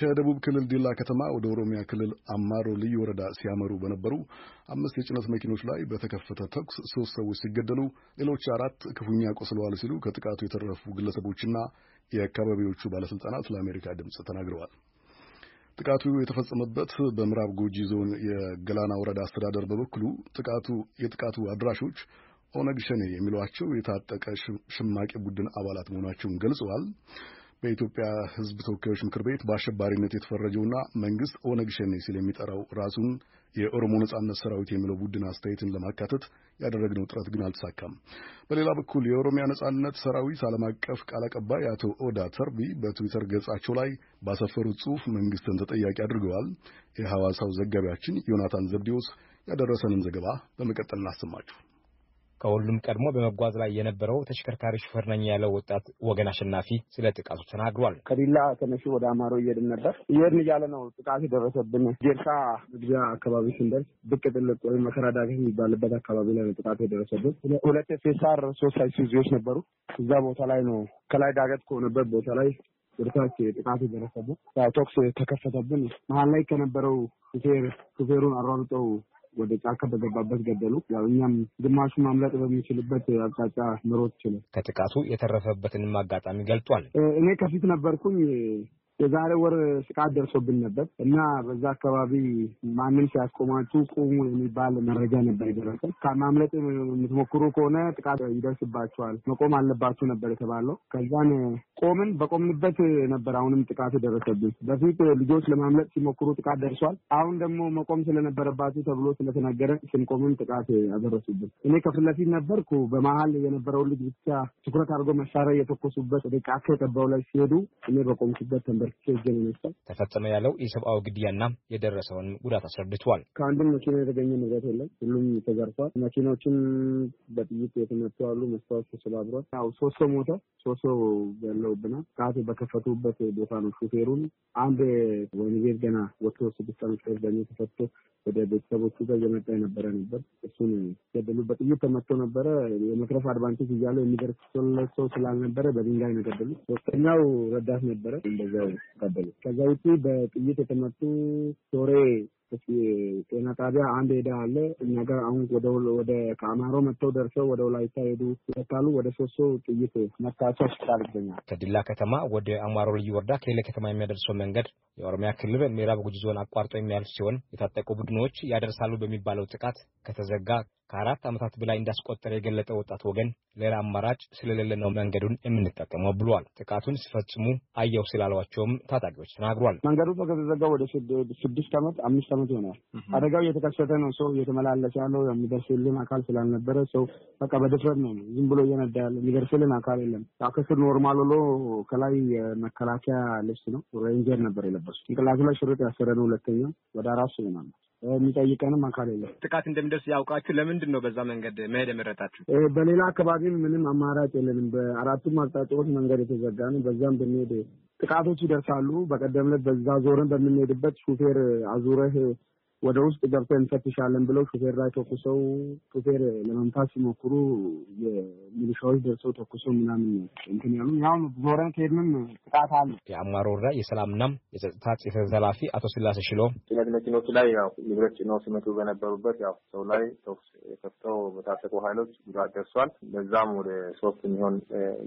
ከደቡብ ክልል ዲላ ከተማ ወደ ኦሮሚያ ክልል አማሮ ልዩ ወረዳ ሲያመሩ በነበሩ አምስት የጭነት መኪኖች ላይ በተከፈተ ተኩስ ሶስት ሰዎች ሲገደሉ ሌሎች አራት ክፉኛ ቆስለዋል ሲሉ ከጥቃቱ የተረፉ ግለሰቦችና የአካባቢዎቹ ባለስልጣናት ለአሜሪካ ድምፅ ተናግረዋል። ጥቃቱ የተፈጸመበት በምዕራብ ጉጂ ዞን የገላና ወረዳ አስተዳደር በበኩሉ ጥቃቱ የጥቃቱ አድራሾች ኦነግ ሸኔ የሚሏቸው የታጠቀ ሽማቂ ቡድን አባላት መሆናቸውን ገልጸዋል። በኢትዮጵያ ሕዝብ ተወካዮች ምክር ቤት በአሸባሪነት የተፈረጀውና መንግስት ኦነግ ሸኔ ሲል የሚጠራው ራሱን የኦሮሞ ነጻነት ሰራዊት የሚለው ቡድን አስተያየትን ለማካተት ያደረግነው ጥረት ግን አልተሳካም። በሌላ በኩል የኦሮሚያ ነጻነት ሰራዊት ዓለም አቀፍ ቃል አቀባይ አቶ ኦዳ ተርቢ በትዊተር ገጻቸው ላይ ባሰፈሩት ጽሑፍ መንግስትን ተጠያቂ አድርገዋል። የሐዋሳው ዘጋቢያችን ዮናታን ዘብዲዎስ ያደረሰንን ዘገባ በመቀጠል እናሰማችሁ። ከሁሉም ቀድሞ በመጓዝ ላይ የነበረው ተሽከርካሪ ሹፌር ነኝ ያለው ወጣት ወገን አሸናፊ ስለ ጥቃቱ ተናግሯል። ከዲላ ተነሽ ወደ አማሮ እየድን ነበር። እየድን እያለ ነው ጥቃት ደረሰብን። ጌርሳ መግቢያ አካባቢ ስንደርስ ብቅ ጥልቅ ወይም መከራ ዳገት የሚባልበት አካባቢ ላይ ነው ጥቃት የደረሰብን። ሁለት ፌሳር ሶስት አይሱዚዎች ነበሩ። እዛ ቦታ ላይ ነው ከላይ ዳገት ከሆነበት ቦታ ላይ ወደታች ጥቃት የደረሰብን ተኩስ ተከፈተብን። መሀል ላይ ከነበረው ሹፌሩን አሯሩጠው ወደ ጫካ በገባበት ገደሉ። ያው እኛም ግማሹ ማምለጥ በሚችልበት አቅጣጫ ምሮት ችለ ከጥቃቱ የተረፈበትንም አጋጣሚ ገልጧል። እኔ ከፊት ነበርኩኝ የዛሬ ወር ጥቃት ደርሶብን ነበር እና በዛ አካባቢ ማንም ሲያስቆማችሁ ቁሙ የሚባል መረጃ ነበር የደረሰ። ከማምለጥ የምትሞክሩ ከሆነ ጥቃት ይደርስባችኋል፣ መቆም አለባችሁ ነበር የተባለው። ከዛን ቆምን። በቆምንበት ነበር አሁንም ጥቃት የደረሰብን። በፊት ልጆች ለማምለጥ ሲሞክሩ ጥቃት ደርሷል። አሁን ደግሞ መቆም ስለነበረባችሁ ተብሎ ስለተናገረ ስንቆምም ጥቃት ያደረሱብን። እኔ ከፊት ለፊት ነበርኩ። በመሀል የነበረውን ልጅ ብቻ ትኩረት አድርጎ መሳሪያ እየተኮሱበት ወደ ጫካ የጠባው ላይ ሲሄዱ እኔ በቆምኩበት ነበርኩ ጀመ ነሳ ተፈጸመ ያለው የሰብአዊ ግድያና የደረሰውን ጉዳት አስረድቷል። ከአንድም መኪና የተገኘ ንብረት የለም። ሁሉም ተዘርፏል። መኪኖችን በጥይት የተመቱ አሉ። መስታወት ተሰባብሯል። ያው ሶስት ሰው ሞተ። ሶስት ሰው ያለውብናል። ሰዓት በከፈቱበት ቦታ ነው። ሹፌሩን አንድ ወይን ቤት ገና ወጥቶ ስድስት ዓመት ከዛኛ ተፈቶ ወደ ቤተሰቦቹ ጋር እየመጣ የነበረ ነበር። እሱን ገደሉ። በጥይት ተመቶ ነበረ። የመትረፍ አድቫንቴጅ እያለው የሚደርስ ሰው ስላልነበረ በድንጋይ ነው ገደሉ። ሶስተኛው ረዳት ነበረ እንደዚያው ቀበሉ። ከዛ ውጭ በጥይት የተመቱ ሶሬ ጤና ጣቢያ አንድ ሄዳ አለ እኛ ጋር አሁን ወደ ከአማሮ መጥተው ደርሰው ወደ ወላይታ ሄዱ ይመታሉ። ወደ ሶስት ሰው ጥይት መታቸው ሆስፒታል ይገኛል። ከዲላ ከተማ ወደ አማሮ ልዩ ወረዳ ከሌለ ከተማ የሚያደርሰው መንገድ የኦሮሚያ ክልል ምዕራብ ጉጂ ዞን አቋርጦ የሚያልፍ ሲሆን የታጠቁ ቡድኖች ያደርሳሉ በሚባለው ጥቃት ከተዘጋ ከአራት ዓመታት በላይ እንዳስቆጠረ የገለጠ ወጣት ወገን ሌላ አማራጭ ስለሌለ ነው መንገዱን የምንጠቀመው ብሏል። ጥቃቱን ሲፈጽሙ አየው ስላሏቸውም ታጣቂዎች ተናግሯል። መንገዱ ከተዘጋ ወደ ስድስት ዓመት አምስት ዓመት ይሆናል። አደጋው እየተከሰተ ነው። ሰው እየተመላለሰ ያለው የሚደርስልን አካል ስላልነበረ ሰው በቃ በድፍረት ነው ዝም ብሎ እየነዳ ያለ የሚደርስልን አካል የለም። ከስር ኖርማል ብሎ ከላይ የመከላከያ ልብስ ነው ሬንጀር ነበር የለበሱ እንቅላቱ ላይ ሽርጥ ያሰረ ነው። ሁለተኛው ወደ አራት ይሆናል የሚጠይቀንም አካል የለም። ጥቃት እንደሚደርስ ያውቃችሁ ለምንድን ነው በዛ መንገድ መሄድ የመረጣችሁ? በሌላ አካባቢም ምንም አማራጭ የለንም። በአራቱም አቅጣጫዎች መንገድ የተዘጋ ነው። በዛም ብንሄድ ጥቃቶች ይደርሳሉ። በቀደም ዕለት በዛ ዞረን በምንሄድበት ሹፌር አዙረህ ወደ ውስጥ ገብቶ እንፈትሻለን ብለው ሹፌር ላይ ተኩሰው ሹፌር ለመምታት ሲሞክሩ የሚሊሻዎች ደርሰው ተኩሰው ምናምን እንትን ያሉ ያሁን ዞረን ከሄድንም ጥቃት አለ። የአማሮ ወረዳ የሰላምና የጸጥታ ጽሕፈት ኃላፊ አቶ ስላሴ ሽሎ ጭነት መኪኖች ላይ ያው ንብረት ጭነው ሲመጡ በነበሩበት ያው ሰው ላይ ተኩስ የከፍተው በታጠቁ ኃይሎች ጉዳት ደርሷል። በዛም ወደ ሶስት የሚሆን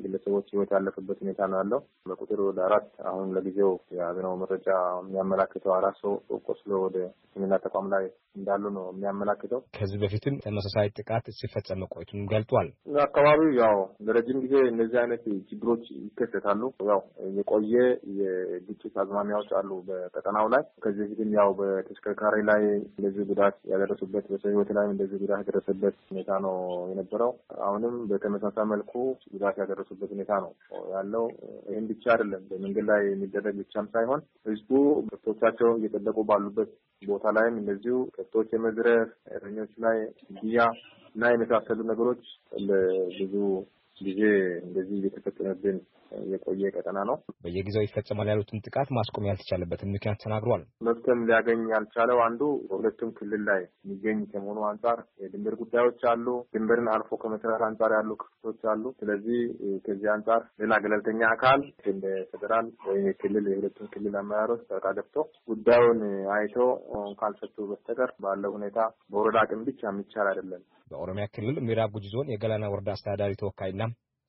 ግለሰቦች ህይወት ያለፈበት ሁኔታ ነው ያለው። በቁጥር ወደ አራት አሁን ለጊዜው የያዝነው መረጃ የሚያመላክተው አራት ሰው ቆስሎ ወደ ህክምና ተቋም ላይ እንዳሉ ነው የሚያመላክተው። ከዚህ በፊትም ተመሳሳይ ጥቃት ሲፈጸም መቆየቱን ገልጧል። አካባቢው ያው ለረጅም ጊዜ እነዚህ አይነት ችግሮች ይከሰታሉ። ያው የቆየ የግጭት አዝማሚያዎች አሉ በቀጠናው ላይ ከዚህ በፊትም ያው በተሽከርካሪ ላይ እንደዚህ ጉዳት ያደረሱበት በሰው ላይም እንደዚህ ጉዳት ያደረሰበት ሁኔታ ነው የነበረው። አሁንም በተመሳሳይ መልኩ ጉዳት ያደረሱበት ሁኔታ ነው ያለው። ይህም ብቻ አይደለም፣ በመንገድ ላይ የሚደረግ ብቻም ሳይሆን ህዝቡ ከብቶቻቸው እየጠበቁ ባሉበት ቦታ ላይም እንደዚሁ ከብቶች የመዝረፍ፣ እረኞች ላይ ግድያ እና የመሳሰሉ ነገሮች ብዙ ጊዜ እንደዚህ እየተፈጸመብን የቆየ ቀጠና ነው። በየጊዜው ይፈጸማል ያሉትን ጥቃት ማስቆም ያልተቻለበትን ምክንያት ተናግሯል። መፍትሄም ሊያገኝ ያልቻለው አንዱ በሁለቱም ክልል ላይ የሚገኝ ከመሆኑ አንጻር የድንበር ጉዳዮች አሉ። ድንበርን አልፎ ከመስራት አንጻር ያሉ ክፍቶች አሉ። ስለዚህ ከዚህ አንጻር ሌላ ገለልተኛ አካል እንደ ፌዴራል ወይም የክልል የሁለቱም ክልል አመራሮች ጠቃ ገብቶ ጉዳዩን አይቶ ካልሰጡ በስተቀር ባለው ሁኔታ በወረዳ አቅም ብቻ የሚቻል አይደለም። በኦሮሚያ ክልል ምዕራብ ጉጂ ዞን የገላና ወረዳ አስተዳዳሪ ተወካይና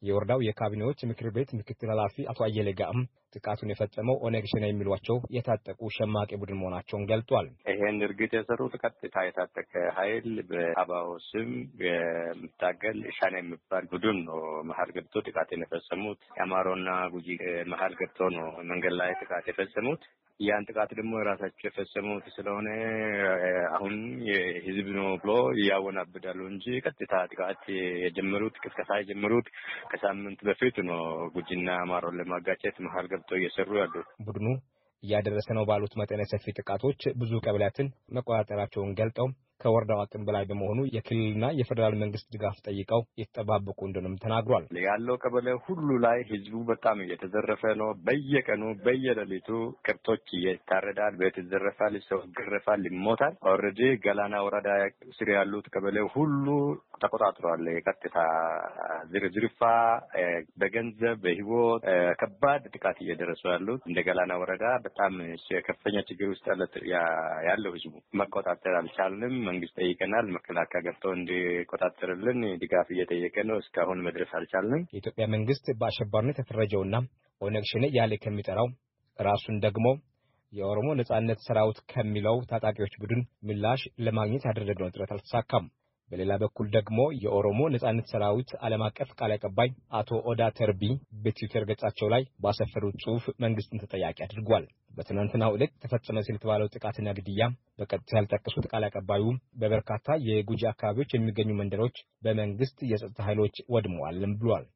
የወረዳው የካቢኔዎች ምክር ቤት ምክትል ኃላፊ አቶ አየለ ጋም ጥቃቱን የፈጸመው ኦነግ ሸኔ የሚሏቸው የታጠቁ ሸማቂ ቡድን መሆናቸውን ገልጧል። ይሄን እርግጥ የሰሩት ቀጥታ የታጠቀ ኃይል በአባው ስም የምታገል ሻኔ የሚባል ቡድን ነው። መሀል ገብቶ ጥቃት የፈጸሙት የአማሮና ጉጂ መሀል ገብቶ ነው መንገድ ላይ ጥቃት የፈጸሙት። ያን ጥቃት ደግሞ ራሳቸው የፈጸሙት ስለሆነ አሁን የህዝብ ነው ብሎ ያወናብዳሉ እንጂ ቀጥታ ጥቃት የጀመሩት ቅስቀሳ የጀመሩት ከሳምንት በፊት ነው። ጉጂና አማራውን ለማጋጨት መሀል ገብተው እየሰሩ ያሉት ቡድኑ እያደረሰ ነው ባሉት መጠነ ሰፊ ጥቃቶች ብዙ ቀበሌያትን መቆጣጠራቸውን ገልጠው ከወረዳው አቅም በላይ በመሆኑ የክልልና የፌዴራል መንግስት ድጋፍ ጠይቀው የተጠባበቁ እንደሆነም ተናግሯል። ያለው ቀበሌ ሁሉ ላይ ህዝቡ በጣም እየተዘረፈ ነው። በየቀኑ በየሌሊቱ ከብቶች እየታረዳል፣ ቤት ይዘረፋል፣ ሰው ይገረፋል፣ ይሞታል። ኦልሬዲ ገላና ወረዳ ስር ያሉት ቀበሌ ሁሉ ተቆጣጥሯል። የቀጥታ ዝርዝርፋ በገንዘብ በህይወት ከባድ ጥቃት እየደረሱ ያሉት እንደ ገላና ወረዳ በጣም ከፍተኛ ችግር ውስጥ ያለው ህዝቡ መቆጣጠር አልቻልንም። መንግስት ጠይቀናል። መከላከያ ገብተው እንዲቆጣጠርልን ድጋፍ እየጠየቀ ነው። እስካሁን መድረስ አልቻልንም። የኢትዮጵያ መንግስት በአሸባሪነት የተፈረጀውና ኦነግ ሸኔ ከሚጠራው ራሱን ደግሞ የኦሮሞ ነጻነት ሰራዊት ከሚለው ታጣቂዎች ቡድን ምላሽ ለማግኘት ያደረግነው ጥረት አልተሳካም። በሌላ በኩል ደግሞ የኦሮሞ ነጻነት ሰራዊት ዓለም አቀፍ ቃል አቀባይ አቶ ኦዳ ተርቢ በትዊተር ገጻቸው ላይ ባሰፈሩት ጽሑፍ መንግስትን ተጠያቂ አድርጓል። በትናንትናው ዕለት ተፈጸመ የተባለው ጥቃትና ግድያ በቀጥታ ያልጠቀሱት ቃል አቀባዩ በበርካታ የጉጂ አካባቢዎች የሚገኙ መንደሮች በመንግስት የጸጥታ ኃይሎች ወድመዋልም ብሏል።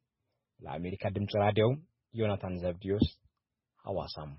ለአሜሪካ ድምፅ ራዲዮ ዮናታን ዘብዲዮስ ሐዋሳም